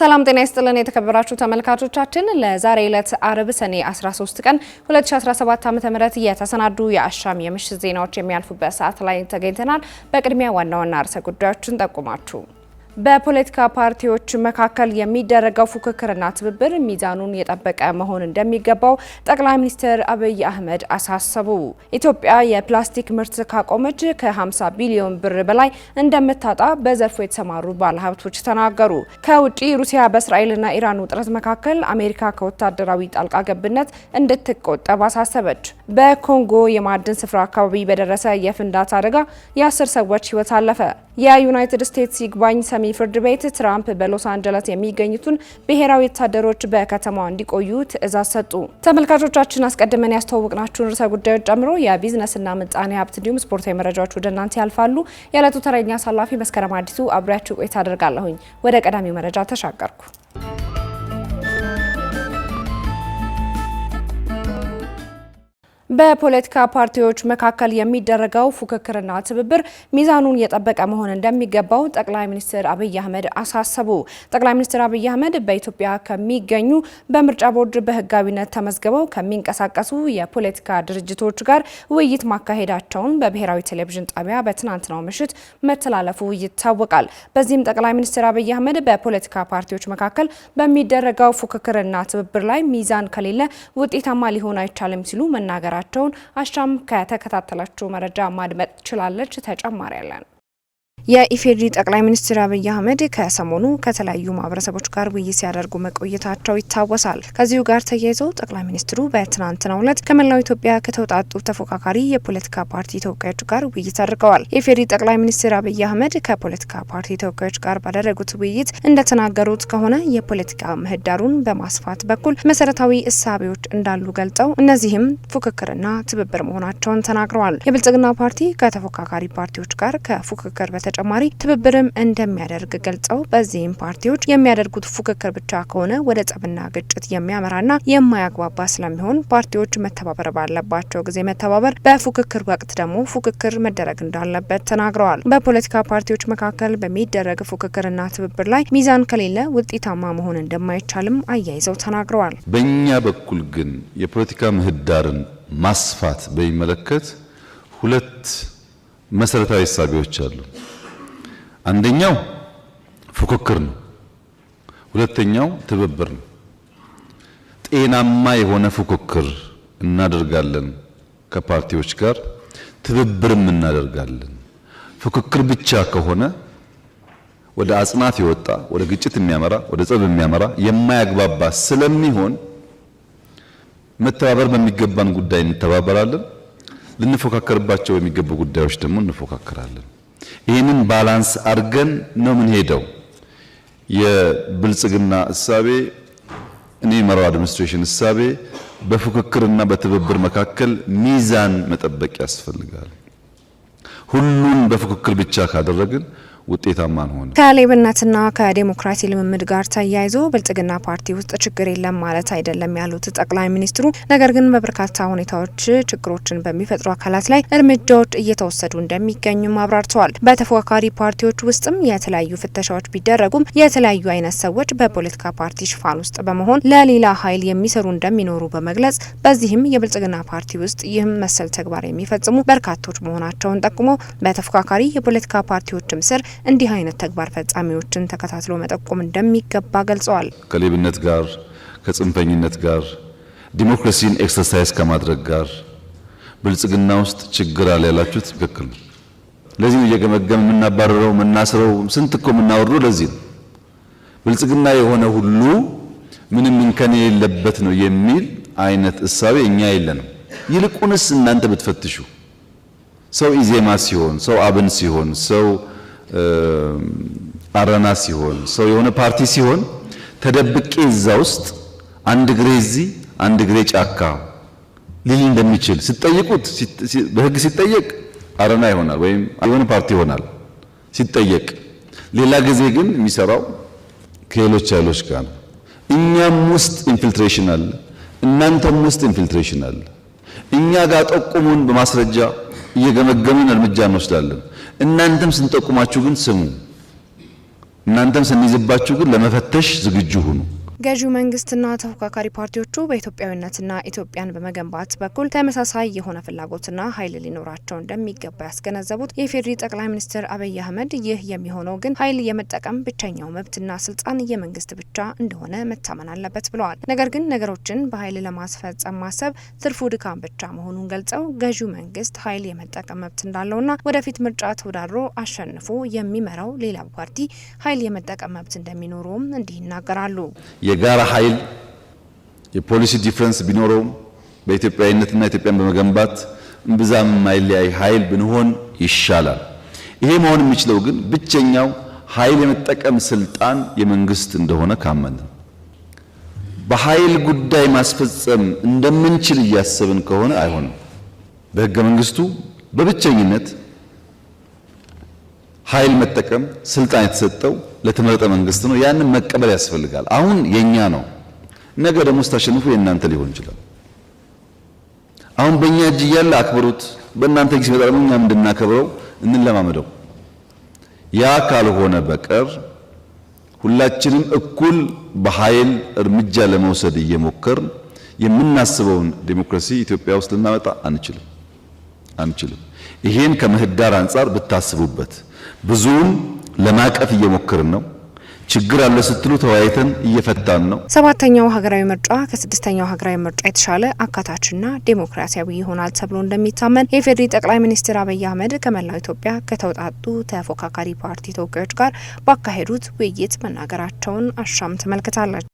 ሰላም ጤና ይስጥልን የተከበራችሁ ተመልካቾቻችን፣ ለዛሬ ዕለት አርብ ሰኔ 13 ቀን 2017 ም የተሰናዱ የአሻም የምሽት ዜናዎች የሚያልፉበት ሰዓት ላይ ተገኝተናል። በቅድሚያ ዋና ዋና ርዕሰ ጉዳዮችን ጠቁማችሁ በፖለቲካ ፓርቲዎች መካከል የሚደረገው ፉክክርና ትብብር ሚዛኑን የጠበቀ መሆን እንደሚገባው ጠቅላይ ሚኒስትር አብይ አህመድ አሳሰቡ። ኢትዮጵያ የፕላስቲክ ምርት ካቆመች ከ50 ቢሊዮን ብር በላይ እንደምታጣ በዘርፉ የተሰማሩ ባለሀብቶች ተናገሩ። ከውጭ ሩሲያ በእስራኤልና ኢራን ውጥረት መካከል አሜሪካ ከወታደራዊ ጣልቃ ገብነት እንድትቆጠብ አሳሰበች። በኮንጎ የማዕድን ስፍራ አካባቢ በደረሰ የፍንዳታ አደጋ የአስር ሰዎች ህይወት አለፈ። የዩናይትድ ስቴትስ ይግባኝ ሰሚ ተፈጻሚ ፍርድ ቤት ትራምፕ በሎስ አንጀለስ የሚገኙትን ብሔራዊ ወታደሮች በከተማዋ እንዲቆዩ ትዕዛዝ ሰጡ። ተመልካቾቻችን አስቀድመን ያስተዋወቅናችሁን ርዕሰ ጉዳዮች ጨምሮ የቢዝነስና ምጣኔ ሀብት እንዲሁም ስፖርታዊ መረጃዎች ወደ እናንተ ያልፋሉ። የዕለቱ ተረኛ አሳላፊ መስከረም አዲሱ አብሬያችሁ ቆይታ አደርጋለሁኝ። ወደ ቀዳሚው መረጃ ተሻገርኩ። በፖለቲካ ፓርቲዎች መካከል የሚደረገው ፉክክርና ትብብር ሚዛኑን የጠበቀ መሆን እንደሚገባው ጠቅላይ ሚኒስትር አብይ አህመድ አሳሰቡ። ጠቅላይ ሚኒስትር አብይ አህመድ በኢትዮጵያ ከሚገኙ በምርጫ ቦርድ በህጋዊነት ተመዝግበው ከሚንቀሳቀሱ የፖለቲካ ድርጅቶች ጋር ውይይት ማካሄዳቸውን በብሔራዊ ቴሌቪዥን ጣቢያ በትናንትናው ምሽት መተላለፉ ይታወቃል። በዚህም ጠቅላይ ሚኒስትር አብይ አህመድ በፖለቲካ ፓርቲዎች መካከል በሚደረገው ፉክክርና ትብብር ላይ ሚዛን ከሌለ ውጤታማ ሊሆን አይቻልም ሲሉ መናገራል መጀመራቸውን አሻም ከተከታተለችው መረጃ ማድመጥ ችላለች። ተጨማሪ ያለን የኢፌዴሪ ጠቅላይ ሚኒስትር አብይ አህመድ ከሰሞኑ ከተለያዩ ማህበረሰቦች ጋር ውይይት ሲያደርጉ መቆየታቸው ይታወሳል። ከዚሁ ጋር ተያይዞ ጠቅላይ ሚኒስትሩ በትናንትናው ዕለት ከመላው ኢትዮጵያ ከተውጣጡ ተፎካካሪ የፖለቲካ ፓርቲ ተወካዮች ጋር ውይይት አድርገዋል። የኢፌዴሪ ጠቅላይ ሚኒስትር አብይ አህመድ ከፖለቲካ ፓርቲ ተወካዮች ጋር ባደረጉት ውይይት እንደተናገሩት ከሆነ የፖለቲካ ምህዳሩን በማስፋት በኩል መሰረታዊ እሳቤዎች እንዳሉ ገልጠው እነዚህም ፉክክርና ትብብር መሆናቸውን ተናግረዋል። የብልጽግና ፓርቲ ከተፎካካሪ ፓርቲዎች ጋር ከፉክክር በተ በተጨማሪ ትብብርም እንደሚያደርግ ገልጸው በዚህም ፓርቲዎች የሚያደርጉት ፉክክር ብቻ ከሆነ ወደ ጸብና ግጭት የሚያመራና የማያግባባ ስለሚሆን ፓርቲዎች መተባበር ባለባቸው ጊዜ መተባበር፣ በፉክክር ወቅት ደግሞ ፉክክር መደረግ እንዳለበት ተናግረዋል። በፖለቲካ ፓርቲዎች መካከል በሚደረግ ፉክክርና ትብብር ላይ ሚዛን ከሌለ ውጤታማ መሆን እንደማይቻልም አያይዘው ተናግረዋል። በእኛ በኩል ግን የፖለቲካ ምህዳርን ማስፋት በሚመለከት ሁለት መሰረታዊ እሳቤዎች አሉ። አንደኛው ፉክክር ነው። ሁለተኛው ትብብር ነው። ጤናማ የሆነ ፉክክር እናደርጋለን ከፓርቲዎች ጋር ትብብርም እናደርጋለን። ፉክክር ብቻ ከሆነ ወደ አጽናፍ የወጣ ወደ ግጭት የሚያመራ ወደ ጸብ የሚያመራ የማያግባባ ስለሚሆን መተባበር በሚገባን ጉዳይ እንተባበራለን። ልንፎካከርባቸው በሚገቡ ጉዳዮች ደግሞ እንፎካከራለን። ይህንን ባላንስ አድርገን ነው የምንሄደው። የብልጽግና እሳቤ እኔ የመራው አድሚኒስትሬሽን እሳቤ በፉክክርና በትብብር መካከል ሚዛን መጠበቅ ያስፈልጋል። ሁሉን በፉክክር ብቻ ካደረግን ውጤታማ አንሆንም። ከሌብነትና ከዴሞክራሲ ልምምድ ጋር ተያይዞ ብልጽግና ፓርቲ ውስጥ ችግር የለም ማለት አይደለም ያሉት ጠቅላይ ሚኒስትሩ፣ ነገር ግን በበርካታ ሁኔታዎች ችግሮችን በሚፈጥሩ አካላት ላይ እርምጃዎች እየተወሰዱ እንደሚገኙም አብራርተዋል። በተፎካካሪ ፓርቲዎች ውስጥም የተለያዩ ፍተሻዎች ቢደረጉም የተለያዩ አይነት ሰዎች በፖለቲካ ፓርቲ ሽፋን ውስጥ በመሆን ለሌላ ኃይል የሚሰሩ እንደሚኖሩ በመግለጽ በዚህም የብልጽግና ፓርቲ ውስጥ ይህም መሰል ተግባር የሚፈጽሙ በርካቶች መሆናቸውን ጠቁሞ በተፎካካሪ የፖለቲካ ፓርቲዎችም ስር እንዲህ አይነት ተግባር ፈጻሚዎችን ተከታትሎ መጠቆም እንደሚገባ ገልጸዋል። ከሌብነት ጋር ከጽንፈኝነት ጋር ዲሞክራሲን ኤክሰርሳይዝ ከማድረግ ጋር ብልጽግና ውስጥ ችግር አለ ያላችሁት ትክክል ነው። ለዚህ እየገመገም የምናባረረው የምናስረው ስንት እኮ የምናወርደው ለዚህ ነው። ብልጽግና የሆነ ሁሉ ምንም እንከን የሌለበት ነው የሚል አይነት እሳቤ እኛ የለንም። ይልቁንስ እናንተ ብትፈትሹ ሰው ኢዜማ ሲሆን፣ ሰው አብን ሲሆን፣ ሰው አረና ሲሆን ሰው የሆነ ፓርቲ ሲሆን ተደብቄ እዛ ውስጥ አንድ ግሬዚ እዚህ አንድ ግሬ ጫካ ሊል እንደሚችል ሲጠይቁት በህግ ሲጠየቅ አረና ይሆናል ወይም የሆነ ፓርቲ ይሆናል ሲጠየቅ። ሌላ ጊዜ ግን የሚሰራው ከሌሎች ኃይሎች ጋር ነው። እኛም ውስጥ ኢንፊልትሬሽን አለ፣ እናንተም ውስጥ ኢንፊልትሬሽን አለ። እኛ ጋር ጠቁሙን፣ በማስረጃ እየገመገምን እርምጃ እንወስዳለን። እናንተም ስንጠቁማችሁ ግን ስሙ። እናንተም ስንይዝባችሁ ግን ለመፈተሽ ዝግጁ ሁኑ። ገዢው መንግስትና ተፎካካሪ ፓርቲዎቹ በኢትዮጵያዊነትና ኢትዮጵያን በመገንባት በኩል ተመሳሳይ የሆነ ፍላጎትና ኃይል ሊኖራቸው እንደሚገባ ያስገነዘቡት የኢፌዴሪ ጠቅላይ ሚኒስትር አብይ አህመድ ይህ የሚሆነው ግን ኃይል የመጠቀም ብቸኛው መብትና ስልጣን የመንግስት ብቻ እንደሆነ መታመን አለበት ብለዋል። ነገር ግን ነገሮችን በኃይል ለማስፈጸም ማሰብ ትርፉ ድካም ብቻ መሆኑን ገልጸው ገዢው መንግስት ኃይል የመጠቀም መብት እንዳለውና ወደፊት ምርጫ ተወዳድሮ አሸንፎ የሚመራው ሌላ ፓርቲ ኃይል የመጠቀም መብት እንደሚኖረውም እንዲህ ይናገራሉ። የጋራ ኃይል የፖሊሲ ዲፍረንስ ቢኖረውም በኢትዮጵያዊነትና ኢትዮጵያን በመገንባት እምብዛም የማይለያይ ኃይል ብንሆን ይሻላል። ይሄ መሆን የሚችለው ግን ብቸኛው ኃይል የመጠቀም ስልጣን የመንግስት እንደሆነ ካመን በኃይል ጉዳይ ማስፈጸም እንደምንችል እያሰብን ከሆነ አይሆንም። በህገ መንግስቱ በብቸኝነት ኃይል መጠቀም ስልጣን የተሰጠው ለተመረጠ መንግስት ነው። ያንን መቀበል ያስፈልጋል። አሁን የኛ ነው፣ ነገ ደግሞ ስታሸንፉ የእናንተ ሊሆን ይችላል። አሁን በእኛ እጅ እያለ አክብሩት፣ በእናንተ ጊዜ ይመጣ ደግሞ እኛም እንድናከብረው እንለማመደው። ያ ካልሆነ በቀር ሁላችንም እኩል በኃይል እርምጃ ለመውሰድ እየሞከር የምናስበውን ዴሞክራሲ ኢትዮጵያ ውስጥ ልናመጣ አንችልም አንችልም። ይሄን ከምህዳር አንጻር ብታስቡበት ብዙውን ለማቀፍ እየሞከርን ነው። ችግር አለ ስትሉ ተወያይተን እየፈታን ነው። ሰባተኛው ሀገራዊ ምርጫ ከስድስተኛው ሀገራዊ ምርጫ የተሻለ አካታችና ዴሞክራሲያዊ ይሆናል ተብሎ እንደሚታመን የኢፌዴሪ ጠቅላይ ሚኒስትር አብይ አህመድ ከመላው ኢትዮጵያ ከተውጣጡ ተፎካካሪ ፓርቲ ተወካዮች ጋር ባካሄዱት ውይይት መናገራቸውን አሻም ተመልክታለች።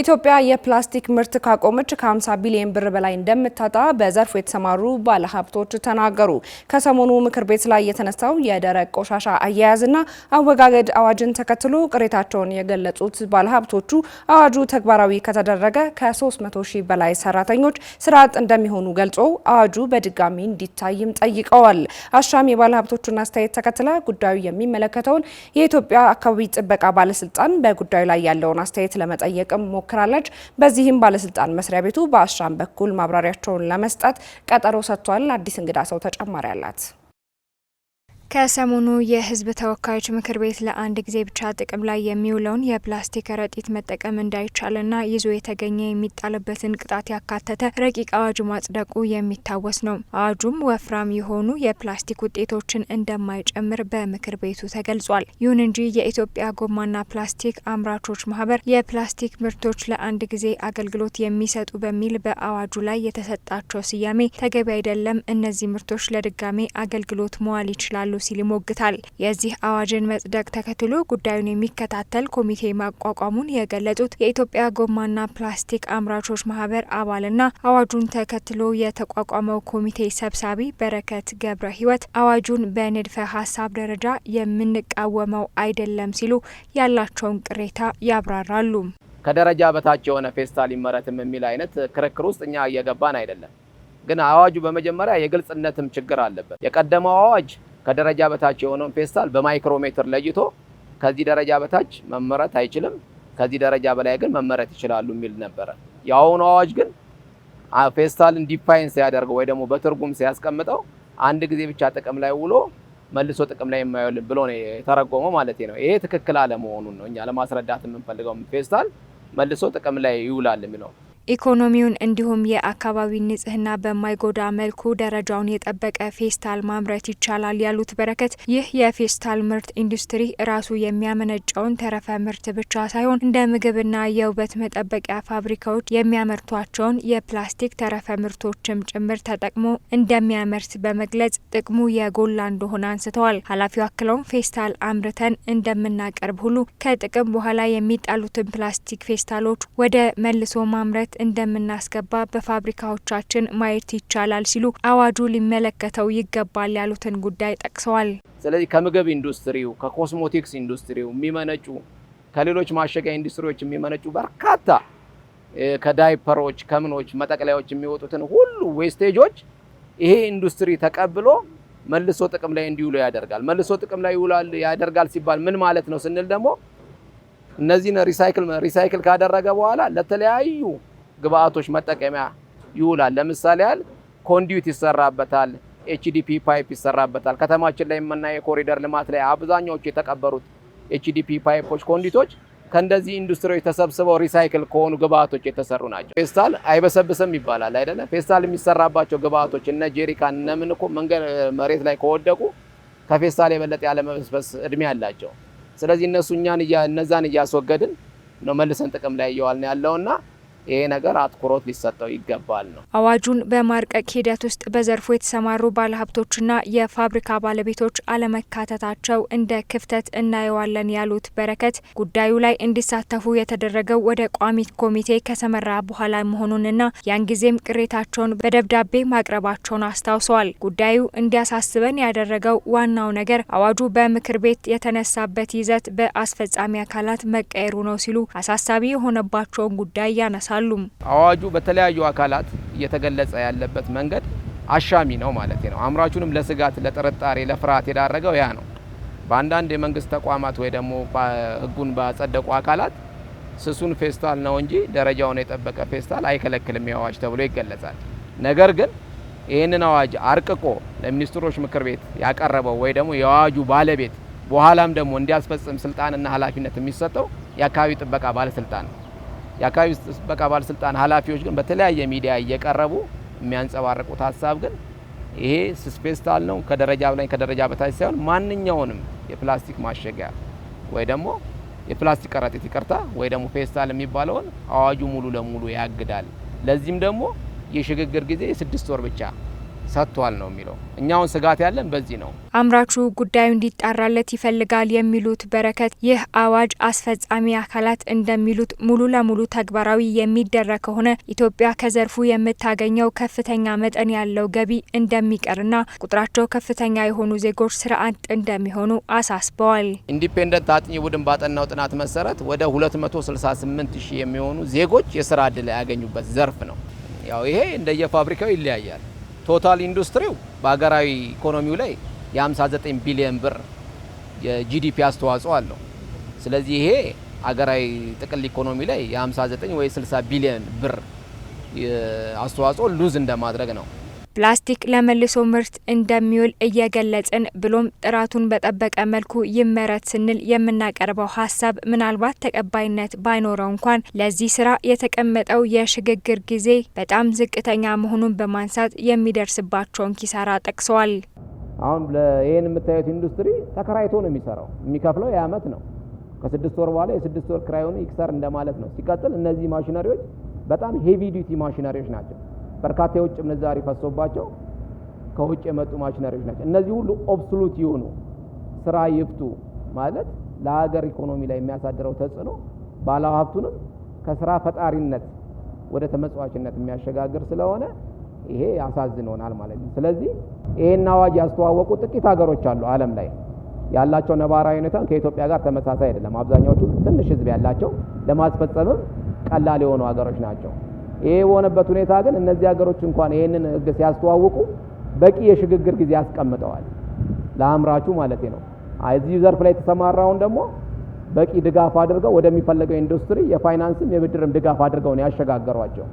ኢትዮጵያ የፕላስቲክ ምርት ካቆመች ከ50 ቢሊዮን ብር በላይ እንደምታጣ በዘርፉ የተሰማሩ ባለሀብቶች ተናገሩ። ከሰሞኑ ምክር ቤት ላይ የተነሳው የደረቅ ቆሻሻ አያያዝና አወጋገድ አዋጅን ተከትሎ ቅሬታቸውን የገለጹት ባለሀብቶቹ አዋጁ ተግባራዊ ከተደረገ ከ300 ሺህ በላይ ሰራተኞች ስራ አጥ እንደሚሆኑ ገልጾ አዋጁ በድጋሚ እንዲታይም ጠይቀዋል። አሻም የባለሀብቶቹን አስተያየት ተከትለ ጉዳዩ የሚመለከተውን የኢትዮጵያ አካባቢ ጥበቃ ባለስልጣን በጉዳዩ ላይ ያለውን አስተያየት ለመጠየቅም ሞክራለች። በዚህም ባለስልጣን መስሪያ ቤቱ በአሻም በኩል ማብራሪያቸውን ለመስጠት ቀጠሮ ሰጥቷል። አዲስ እንግዳ ሰው ተጨማሪ አላት። ከሰሞኑ የሕዝብ ተወካዮች ምክር ቤት ለአንድ ጊዜ ብቻ ጥቅም ላይ የሚውለውን የፕላስቲክ ከረጢት መጠቀም እንዳይቻልና ይዞ የተገኘ የሚጣልበትን ቅጣት ያካተተ ረቂቅ አዋጅ ማጽደቁ የሚታወስ ነው። አዋጁም ወፍራም የሆኑ የፕላስቲክ ውጤቶችን እንደማይጨምር በምክር ቤቱ ተገልጿል። ይሁን እንጂ የኢትዮጵያ ጎማና ፕላስቲክ አምራቾች ማህበር የፕላስቲክ ምርቶች ለአንድ ጊዜ አገልግሎት የሚሰጡ በሚል በአዋጁ ላይ የተሰጣቸው ስያሜ ተገቢ አይደለም፣ እነዚህ ምርቶች ለድጋሜ አገልግሎት መዋል ይችላሉ ሲል ይሞግታል። የዚህ አዋጅን መጽደቅ ተከትሎ ጉዳዩን የሚከታተል ኮሚቴ ማቋቋሙን የገለጹት የኢትዮጵያ ጎማና ፕላስቲክ አምራቾች ማህበር አባልና አዋጁን ተከትሎ የተቋቋመው ኮሚቴ ሰብሳቢ በረከት ገብረ ህይወት አዋጁን በንድፈ ሀሳብ ደረጃ የምንቃወመው አይደለም ሲሉ ያላቸውን ቅሬታ ያብራራሉ። ከደረጃ በታች የሆነ ፌስታል ይመረትም የሚል አይነት ክርክር ውስጥ እኛ እየገባን አይደለም። ግን አዋጁ በመጀመሪያ የግልጽነትም ችግር አለበት። የቀደመው አዋጅ ከደረጃ በታች የሆነውን ፌስታል በማይክሮሜትር ለይቶ ከዚህ ደረጃ በታች መመረት አይችልም፣ ከዚህ ደረጃ በላይ ግን መመረት ይችላሉ የሚል ነበረ። የአሁኑ አዋጅ ግን ፌስታልን ዲፋይን ሲያደርገው ወይ ደግሞ በትርጉም ሲያስቀምጠው አንድ ጊዜ ብቻ ጥቅም ላይ ውሎ መልሶ ጥቅም ላይ የማይውል ብሎ ነው የተረጎመው ማለት ነው። ይሄ ትክክል አለመሆኑን ነው እኛ ለማስረዳት የምንፈልገው። ፌስታል መልሶ ጥቅም ላይ ይውላል የሚለው ኢኮኖሚውን እንዲሁም የአካባቢ ንጽህና በማይጎዳ መልኩ ደረጃውን የጠበቀ ፌስታል ማምረት ይቻላል ያሉት በረከት ይህ የፌስታል ምርት ኢንዱስትሪ ራሱ የሚያመነጨውን ተረፈ ምርት ብቻ ሳይሆን እንደ ምግብና የውበት መጠበቂያ ፋብሪካዎች የሚያመርቷቸውን የፕላስቲክ ተረፈ ምርቶችም ጭምር ተጠቅሞ እንደሚያመርት በመግለጽ ጥቅሙ የጎላ እንደሆነ አንስተዋል። ኃላፊው አክለውም ፌስታል አምርተን እንደምናቀርብ ሁሉ ከጥቅም በኋላ የሚጣሉትን ፕላስቲክ ፌስታሎች ወደ መልሶ ማምረት ግምት እንደምናስገባ በፋብሪካዎቻችን ማየት ይቻላል ሲሉ አዋጁ ሊመለከተው ይገባል ያሉትን ጉዳይ ጠቅሰዋል። ስለዚህ ከምግብ ኢንዱስትሪው፣ ከኮስሞቲክስ ኢንዱስትሪው የሚመነጩ ከሌሎች ማሸጊያ ኢንዱስትሪዎች የሚመነጩ በርካታ ከዳይፐሮች ከምኖች መጠቅለያዎች የሚወጡትን ሁሉ ዌስቴጆች ይሄ ኢንዱስትሪ ተቀብሎ መልሶ ጥቅም ላይ እንዲውሉ ያደርጋል። መልሶ ጥቅም ላይ ይውላል ያደርጋል ሲባል ምን ማለት ነው ስንል ደግሞ እነዚህን ሪሳይክል ሪሳይክል ካደረገ በኋላ ለተለያዩ ግብአቶች መጠቀሚያ ይውላል። ለምሳሌ ያህል ኮንዲዩት ይሰራበታል፣ ኤችዲፒ ፓይፕ ይሰራበታል። ከተማችን ላይ የምናየው የኮሪደር ልማት ላይ አብዛኛዎቹ የተቀበሩት ኤችዲፒ ፓይፖች፣ ኮንዲቶች ከእንደዚህ ኢንዱስትሪዎች ተሰብስበው ሪሳይክል ከሆኑ ግብአቶች የተሰሩ ናቸው። ፌስታል አይበሰብስም ይባላል አይደለ? ፌስታል የሚሰራባቸው ግብአቶች እነ ጄሪካን እነ እኮ መንገድ መሬት ላይ ከወደቁ ከፌስታል የበለጠ ያለመበስበስ እድሜ አላቸው። ስለዚህ እነሱ እኛን እነዛን እያስወገድን ነው መልሰን ጥቅም ላይ እየዋልን ያለውና ይሄ ነገር አትኩሮት ሊሰጠው ይገባል ነው። አዋጁን በማርቀቅ ሂደት ውስጥ በዘርፉ የተሰማሩ ባለሀብቶችና የፋብሪካ ባለቤቶች አለመካተታቸው እንደ ክፍተት እናየዋለን ያሉት በረከት ጉዳዩ ላይ እንዲሳተፉ የተደረገው ወደ ቋሚ ኮሚቴ ከተመራ በኋላ መሆኑንና ያን ጊዜም ቅሬታቸውን በደብዳቤ ማቅረባቸውን አስታውሰዋል። ጉዳዩ እንዲያሳስበን ያደረገው ዋናው ነገር አዋጁ በምክር ቤት የተነሳበት ይዘት በአስፈጻሚ አካላት መቀየሩ ነው ሲሉ አሳሳቢ የሆነባቸውን ጉዳይ ያነሳል ያነሳሉ። አዋጁ በተለያዩ አካላት እየተገለጸ ያለበት መንገድ አሻሚ ነው ማለት ነው። አምራቹንም ለስጋት ለጥርጣሬ፣ ለፍርሃት የዳረገው ያ ነው። በአንዳንድ የመንግስት ተቋማት ወይ ደግሞ ህጉን ባጸደቁ አካላት ስሱን ፌስታል ነው እንጂ ደረጃውን የጠበቀ ፌስታል አይከለክልም አዋጅ ተብሎ ይገለጻል። ነገር ግን ይህንን አዋጅ አርቅቆ ለሚኒስትሮች ምክር ቤት ያቀረበው ወይ ደግሞ የአዋጁ ባለቤት በኋላም ደግሞ እንዲያስፈጽም ስልጣንና ኃላፊነት የሚሰጠው የአካባቢ ጥበቃ ባለስልጣን ነው። የአካባቢ ጥበቃ ባለስልጣን ኃላፊዎች ግን በተለያየ ሚዲያ እየቀረቡ የሚያንጸባርቁት ሀሳብ ግን ይሄ ስፔስታል ነው፣ ከደረጃ ላይ ከደረጃ በታች ሳይሆን ማንኛውንም የፕላስቲክ ማሸጊያ ወይ ደግሞ የፕላስቲክ ከረጢት ይቅርታ፣ ወይ ደግሞ ፌስታል የሚባለውን አዋጁ ሙሉ ለሙሉ ያግዳል። ለዚህም ደግሞ የሽግግር ጊዜ የስድስት ወር ብቻ ሰጥቷል ነው የሚለው። እኛውን ስጋት ያለን በዚህ ነው። አምራቹ ጉዳዩ እንዲጣራለት ይፈልጋል የሚሉት በረከት፣ ይህ አዋጅ አስፈጻሚ አካላት እንደሚሉት ሙሉ ለሙሉ ተግባራዊ የሚደረግ ከሆነ ኢትዮጵያ ከዘርፉ የምታገኘው ከፍተኛ መጠን ያለው ገቢ እንደሚቀርና ቁጥራቸው ከፍተኛ የሆኑ ዜጎች ስራ አጥ እንደሚሆኑ አሳስበዋል። ኢንዲፔንደንት አጥኚ ቡድን ባጠናው ጥናት መሰረት ወደ 268 ሺህ የሚሆኑ ዜጎች የስራ እድል ያገኙበት ዘርፍ ነው። ያው ይሄ እንደየፋብሪካው ይለያያል። ቶታል ኢንዱስትሪው በሀገራዊ ኢኮኖሚው ላይ የ59 ቢሊዮን ብር የጂዲፒ አስተዋጽኦ አለው። ስለዚህ ይሄ ሀገራዊ ጥቅል ኢኮኖሚ ላይ የ59 ወይ 60 ቢሊዮን ብር አስተዋጽኦ ሉዝ እንደማድረግ ነው። ፕላስቲክ ለመልሶ ምርት እንደሚውል እየገለጽን ብሎም ጥራቱን በጠበቀ መልኩ ይመረት ስንል የምናቀርበው ሀሳብ ምናልባት ተቀባይነት ባይኖረው እንኳን ለዚህ ስራ የተቀመጠው የሽግግር ጊዜ በጣም ዝቅተኛ መሆኑን በማንሳት የሚደርስባቸውን ኪሳራ ጠቅሰዋል። አሁን ይህን የምታዩት ኢንዱስትሪ ተከራይቶ ነው የሚሰራው። የሚከፍለው የአመት ነው። ከስድስት ወር በኋላ የስድስት ወር ክራዩን ይክሰር እንደማለት ነው። ሲቀጥል እነዚህ ማሽነሪዎች በጣም ሄቪ ዲቲ ማሽነሪዎች ናቸው። በርካታ የውጭ ምንዛሪ ፈሶባቸው ከውጭ የመጡ ማሽነሪዎች ናቸው። እነዚህ ሁሉ ኦብሶሉት የሆኑ ስራ ይፍቱ ማለት ለሀገር ኢኮኖሚ ላይ የሚያሳድረው ተጽዕኖ ባለሀብቱንም ከስራ ፈጣሪነት ወደ ተመጽዋችነት የሚያሸጋግር ስለሆነ ይሄ ያሳዝኖናል ማለት ነው። ስለዚህ ይሄን አዋጅ ያስተዋወቁ ጥቂት ሀገሮች አሉ ዓለም ላይ ያላቸው ነባራዊ ሁኔታ ከኢትዮጵያ ጋር ተመሳሳይ አይደለም። አብዛኛዎቹ ትንሽ ህዝብ ያላቸው ለማስፈጸምም ቀላል የሆኑ ሀገሮች ናቸው። ይሄ በሆነበት ሁኔታ ግን እነዚህ ሀገሮች እንኳን ይህንን ህግ ሲያስተዋውቁ በቂ የሽግግር ጊዜ አስቀምጠዋል። ለአምራቹ ማለት ነው። እዚህ ዘርፍ ላይ የተሰማራውን ደግሞ በቂ ድጋፍ አድርገው ወደሚፈለገው ኢንዱስትሪ የፋይናንስም የብድርም ድጋፍ አድርገው ነው ያሸጋገሯቸው።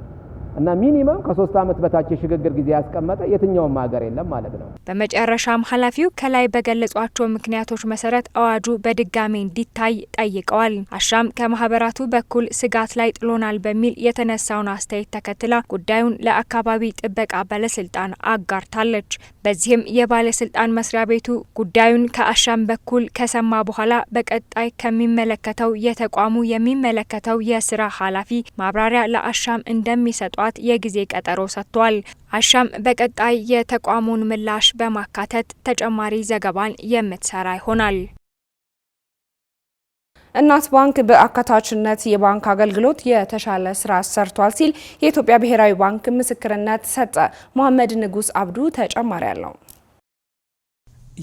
እና ሚኒመም ከሶስት ዓመት በታች የሽግግር ጊዜ ያስቀመጠ የትኛውም ሀገር የለም ማለት ነው። በመጨረሻም ኃላፊው ከላይ በገለጿቸው ምክንያቶች መሰረት አዋጁ በድጋሚ እንዲታይ ጠይቀዋል። አሻም ከማህበራቱ በኩል ስጋት ላይ ጥሎናል በሚል የተነሳውን አስተያየት ተከትላ ጉዳዩን ለአካባቢ ጥበቃ ባለስልጣን አጋርታለች። በዚህም የባለስልጣን መስሪያ ቤቱ ጉዳዩን ከአሻም በኩል ከሰማ በኋላ በቀጣይ ከሚመለከተው የተቋሙ የሚመለከተው የስራ ኃላፊ ማብራሪያ ለአሻም እንደሚሰጧት የጊዜ ቀጠሮ ሰጥቷል። አሻም በቀጣይ የተቋሙን ምላሽ በማካተት ተጨማሪ ዘገባን የምትሰራ ይሆናል። እናት ባንክ በአካታችነት የባንክ አገልግሎት የተሻለ ስራ ሰርቷል ሲል የኢትዮጵያ ብሔራዊ ባንክ ምስክርነት ሰጠ። መሐመድ ንጉስ አብዱ ተጨማሪ አለው።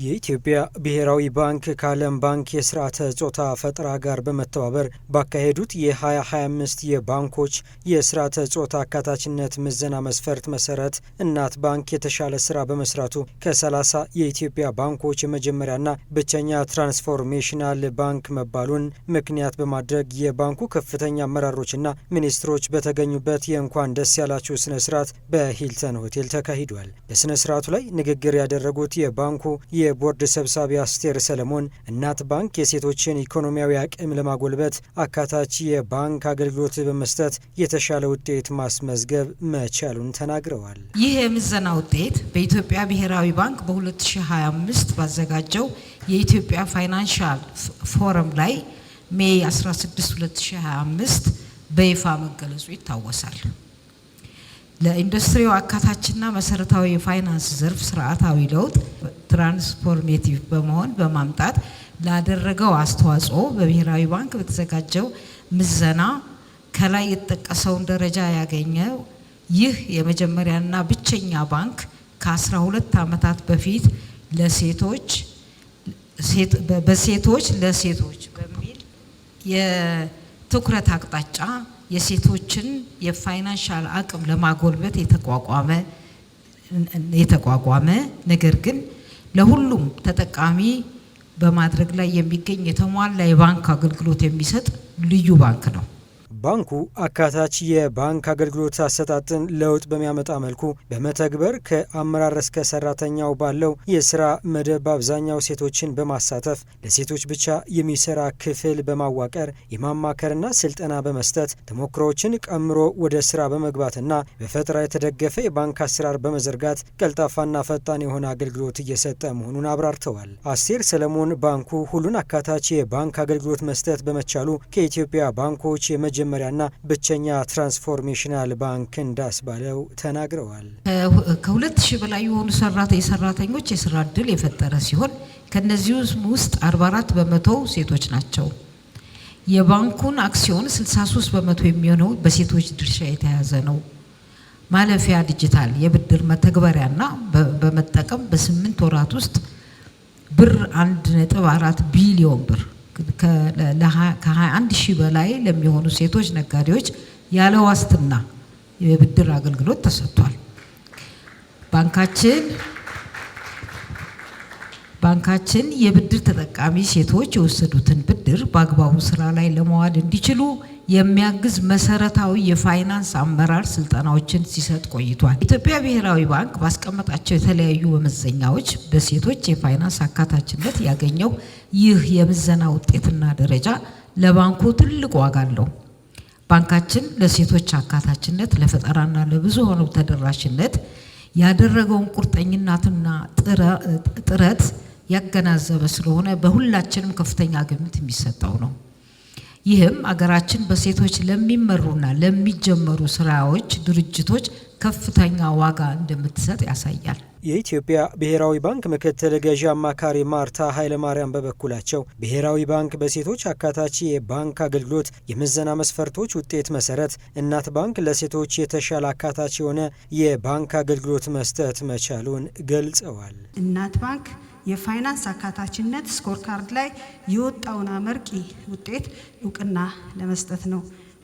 የኢትዮጵያ ብሔራዊ ባንክ ከዓለም ባንክ የስርዓተ ጾታ ፈጠራ ጋር በመተባበር ባካሄዱት የ2025 የባንኮች የስርዓተ ጾታ አካታችነት ምዘና መስፈርት መሰረት እናት ባንክ የተሻለ ስራ በመስራቱ ከ30 የኢትዮጵያ ባንኮች የመጀመሪያና ብቸኛ ትራንስፎርሜሽናል ባንክ መባሉን ምክንያት በማድረግ የባንኩ ከፍተኛ አመራሮችና ሚኒስትሮች በተገኙበት የእንኳን ደስ ያላችሁ ስነ ስርዓት በሂልተን ሆቴል ተካሂዷል። በስነ ስርዓቱ ላይ ንግግር ያደረጉት የባንኩ የ የቦርድ ሰብሳቢ አስቴር ሰለሞን እናት ባንክ የሴቶችን ኢኮኖሚያዊ አቅም ለማጎልበት አካታች የባንክ አገልግሎት በመስጠት የተሻለ ውጤት ማስመዝገብ መቻሉን ተናግረዋል። ይህ የምዘና ውጤት በኢትዮጵያ ብሔራዊ ባንክ በ2025 ባዘጋጀው የኢትዮጵያ ፋይናንሻል ፎረም ላይ ሜይ 16 2025 በይፋ መገለጹ ይታወሳል። ለኢንዱስትሪው አካታችና መሰረታዊ የፋይናንስ ዘርፍ ስርዓታዊ ለውጥ ትራንስፎርሜቲቭ በመሆን በማምጣት ላደረገው አስተዋጽኦ በብሔራዊ ባንክ በተዘጋጀው ምዘና ከላይ የተጠቀሰውን ደረጃ ያገኘው ይህ የመጀመሪያና ብቸኛ ባንክ ከ12 ዓመታት በፊት ለሴቶች በሴቶች ለሴቶች በሚል የትኩረት አቅጣጫ የሴቶችን የፋይናንሻል አቅም ለማጎልበት የተቋቋመ ነገር ግን ለሁሉም ተጠቃሚ በማድረግ ላይ የሚገኝ የተሟላ የባንክ አገልግሎት የሚሰጥ ልዩ ባንክ ነው። ባንኩ አካታች የባንክ አገልግሎት አሰጣጥን ለውጥ በሚያመጣ መልኩ በመተግበር ከአመራር እስከ ሰራተኛው ባለው የስራ መደብ በአብዛኛው ሴቶችን በማሳተፍ ለሴቶች ብቻ የሚሰራ ክፍል በማዋቀር የማማከርና ስልጠና በመስጠት ተሞክሮዎችን ቀምሮ ወደ ስራ በመግባትና በፈጠራ የተደገፈ የባንክ አሰራር በመዘርጋት ቀልጣፋና ፈጣን የሆነ አገልግሎት እየሰጠ መሆኑን አብራርተዋል። አስቴር ሰለሞን ባንኩ ሁሉን አካታች የባንክ አገልግሎት መስጠት በመቻሉ ከኢትዮጵያ ባንኮች የመጀመ የመጀመሪያና ብቸኛ ትራንስፎርሜሽናል ባንክ እንዳስባለው ተናግረዋል። ከሁለት ሺህ በላይ የሆኑ ሰራተኞች የስራ እድል የፈጠረ ሲሆን ከነዚህ ውስጥ 44 በመቶ ሴቶች ናቸው። የባንኩን አክሲዮን 63 በመቶ የሚሆነው በሴቶች ድርሻ የተያዘ ነው። ማለፊያ ዲጂታል የብድር መተግበሪያና በመጠቀም በስምንት ወራት ውስጥ ብር 1.4 ቢሊዮን ብር ከ21 ሺህ በላይ ለሚሆኑ ሴቶች ነጋዴዎች ያለ ዋስትና የብድር አገልግሎት ተሰጥቷል። ባንካችን ባንካችን የብድር ተጠቃሚ ሴቶች የወሰዱትን ብድር በአግባቡ ስራ ላይ ለመዋል እንዲችሉ የሚያግዝ መሰረታዊ የፋይናንስ አመራር ስልጠናዎችን ሲሰጥ ቆይቷል። ኢትዮጵያ ብሔራዊ ባንክ ባስቀመጣቸው የተለያዩ መመዘኛዎች በሴቶች የፋይናንስ አካታችነት ያገኘው ይህ የምዘና ውጤትና ደረጃ ለባንኩ ትልቅ ዋጋ አለው። ባንካችን ለሴቶች አካታችነት ለፈጠራና ለብዙሃኑ ተደራሽነት ያደረገውን ቁርጠኝነትና ጥረት ያገናዘበ ስለሆነ በሁላችንም ከፍተኛ ግምት የሚሰጠው ነው። ይህም አገራችን በሴቶች ለሚመሩና ለሚጀመሩ ስራዎች ድርጅቶች ከፍተኛ ዋጋ እንደምትሰጥ ያሳያል። የኢትዮጵያ ብሔራዊ ባንክ ምክትል ገዢ አማካሪ ማርታ ኃይለማርያም በበኩላቸው ብሔራዊ ባንክ በሴቶች አካታች የባንክ አገልግሎት የምዘና መስፈርቶች ውጤት መሰረት እናት ባንክ ለሴቶች የተሻለ አካታች የሆነ የባንክ አገልግሎት መስጠት መቻሉን ገልጸዋል። እናት ባንክ የፋይናንስ አካታችነት ስኮር ካርድ ላይ የወጣውን አመርቂ ውጤት እውቅና ለመስጠት ነው።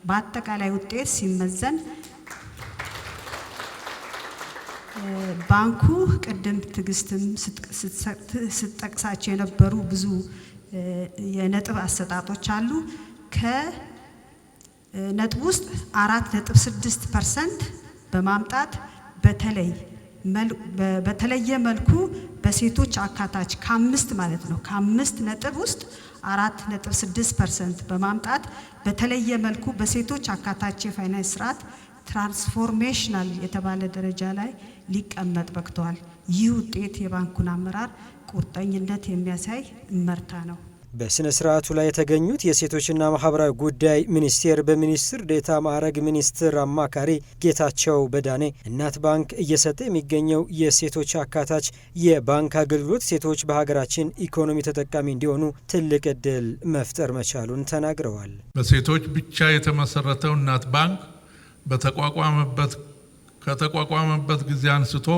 በአጠቃላይ ውጤት ሲመዘን ባንኩ ቅድም ትዕግስትም ስትጠቅሳቸው የነበሩ ብዙ የነጥብ አሰጣጦች አሉ። ከነጥብ ውስጥ አራት ነጥብ ስድስት ፐርሰንት በማምጣት በተለይ በተለየ መልኩ በሴቶች አካታች ከአምስት ማለት ነው ከአምስት ነጥብ ውስጥ አራት ነጥብ ስድስት ፐርሰንት በማምጣት በተለየ መልኩ በሴቶች አካታች የፋይናንስ ስርዓት ትራንስፎርሜሽናል የተባለ ደረጃ ላይ ሊቀመጥ በቅተዋል። ይህ ውጤት የባንኩን አመራር ቁርጠኝነት የሚያሳይ እመርታ ነው። በሥነ ሥርዓቱ ላይ የተገኙት የሴቶችና ማህበራዊ ጉዳይ ሚኒስቴር በሚኒስትር ዴታ ማዕረግ ሚኒስትር አማካሪ ጌታቸው በዳኔ እናት ባንክ እየሰጠ የሚገኘው የሴቶች አካታች የባንክ አገልግሎት ሴቶች በሀገራችን ኢኮኖሚ ተጠቃሚ እንዲሆኑ ትልቅ እድል መፍጠር መቻሉን ተናግረዋል። በሴቶች ብቻ የተመሰረተው እናት ባንክ በተቋቋመበት ከተቋቋመበት ጊዜ አንስቶ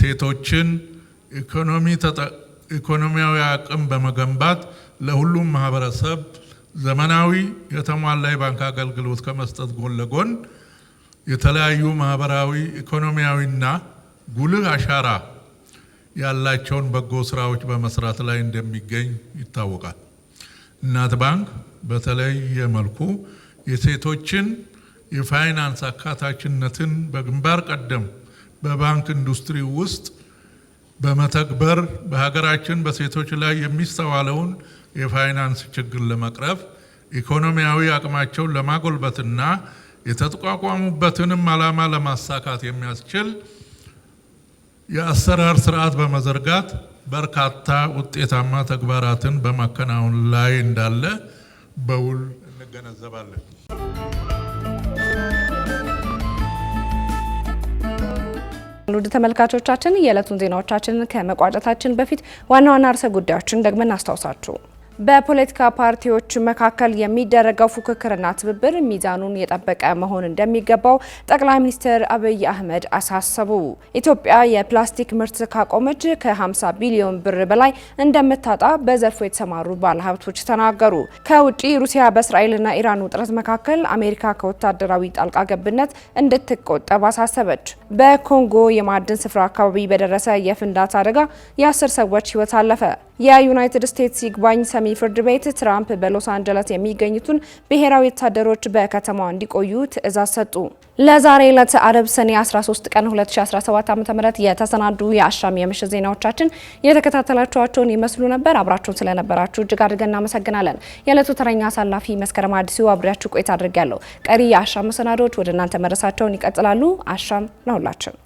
ሴቶችን ኢኮኖሚ ኢኮኖሚያዊ አቅም በመገንባት ለሁሉም ማህበረሰብ ዘመናዊ የተሟላ የባንክ አገልግሎት ከመስጠት ጎን ለጎን የተለያዩ ማህበራዊ ኢኮኖሚያዊና ጉልህ አሻራ ያላቸውን በጎ ስራዎች በመስራት ላይ እንደሚገኝ ይታወቃል። እናት ባንክ በተለየ መልኩ የሴቶችን የፋይናንስ አካታችነትን በግንባር ቀደም በባንክ ኢንዱስትሪ ውስጥ በመተግበር በሀገራችን በሴቶች ላይ የሚስተዋለውን የፋይናንስ ችግር ለመቅረፍ ኢኮኖሚያዊ አቅማቸውን ለማጎልበትና የተቋቋሙበትንም ዓላማ ለማሳካት የሚያስችል የአሰራር ስርዓት በመዘርጋት በርካታ ውጤታማ ተግባራትን በማከናወን ላይ እንዳለ በውል እንገነዘባለን። ውድ ተመልካቾቻችን የዕለቱን ዜናዎቻችንን ከመቋጨታችን በፊት ዋና ዋና ርዕሰ ጉዳዮችን ደግመን አስታውሳችሁ። በፖለቲካ ፓርቲዎች መካከል የሚደረገው ፉክክርና ትብብር ሚዛኑን የጠበቀ መሆን እንደሚገባው ጠቅላይ ሚኒስትር አብይ አህመድ አሳሰቡ። ኢትዮጵያ የፕላስቲክ ምርት ካቆመች ከ50 ቢሊዮን ብር በላይ እንደምታጣ በዘርፉ የተሰማሩ ባለሀብቶች ተናገሩ። ከውጭ ሩሲያ በእስራኤልና ኢራን ውጥረት መካከል አሜሪካ ከወታደራዊ ጣልቃ ገብነት እንድትቆጠብ አሳሰበች። በኮንጎ የማዕድን ስፍራ አካባቢ በደረሰ የፍንዳት አደጋ የአስር ሰዎች ህይወት አለፈ። የዩናይትድ ስቴትስ ይግባኝ ሰሚ ፍርድ ቤት ትራምፕ በሎስ አንጀለስ የሚገኙትን ብሔራዊ ወታደሮች በከተማዋ እንዲቆዩ ትዕዛዝ ሰጡ። ለዛሬ ዕለት አረብ ሰኔ 13 ቀን 2017 ዓ.ም የተሰናዱ የአሻም የምሽት ዜናዎቻችን የተከታተላችኋቸውን ይመስሉ ነበር። አብራችሁን ስለነበራችሁ እጅግ አድርገን እናመሰግናለን። የዕለቱ ተረኛ አሳላፊ መስከረም አዲሱ አብሬያችሁ ቆይታ አድርጌያለሁ። ቀሪ የአሻም መሰናዶዎች ወደ እናንተ መድረሳቸውን ይቀጥላሉ። አሻም ለሁላችን!